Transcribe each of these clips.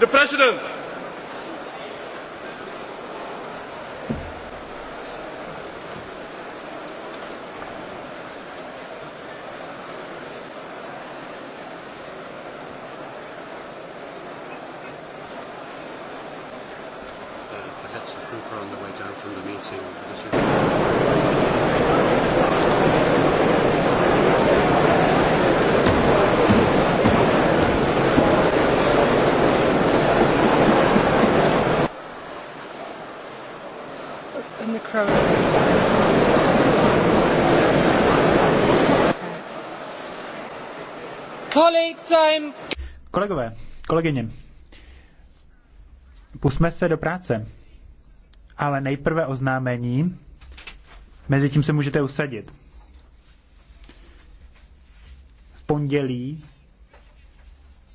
The President. Uh, I had to Cooper on the way down from the meeting because we in the crowd. Kolegové, kolegyně, pusme se do práce. Ale nejprve oznámení, mezi tím se můžete usadit. V pondělí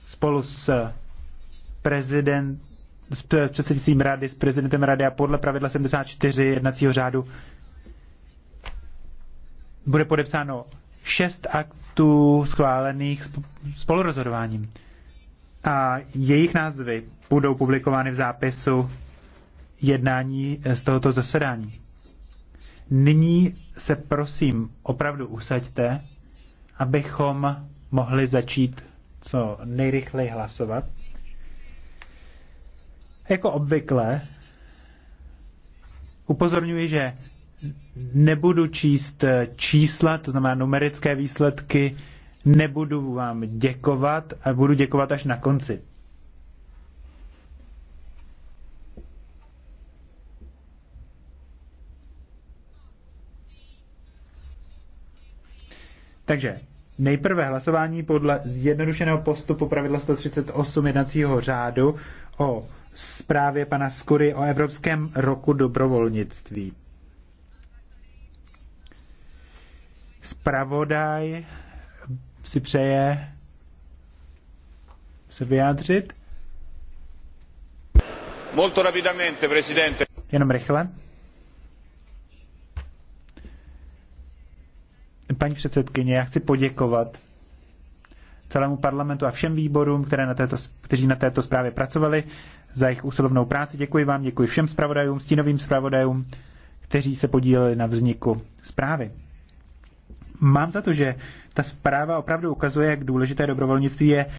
spolu s prezident s předsednictvím rady, s prezidentem rady a podle pravidla 74 jednacího řádu bude podepsáno šest aktů schválených spolurozhodováním. A jejich názvy budou publikovány v zápisu jednání eh, z tohoto zasedání. Nyní se prosím opravdu usaďte, abychom mohli začít co nejrychleji hlasovat. Jako obvykle upozorňuji, že nebudu číst eh, čísla, to znamená numerické výsledky, nebudu vám děkovat a budu děkovat až na konci. Takže Nejprve hlasování podle zjednodušeného postupu pravidla 138 jednacího řádu o zprávě pana Skury o Evropském roku dobrovolnictví. Spravodaj si přeje se vyjádřit. Molto rapidamente, presidente. Jenom rychle. Paní předsedkyně, já chci poděkovat celému parlamentu a všem výborům, které na této, kteří na této zprávě pracovali, za jejich usilovnou práci. Děkuji vám, děkuji všem zpravodajům, stínovým zpravodajům, kteří se podíleli na vzniku zprávy. Mám za to, že ta zpráva opravdu ukazuje, jak důležité dobrovolnictví je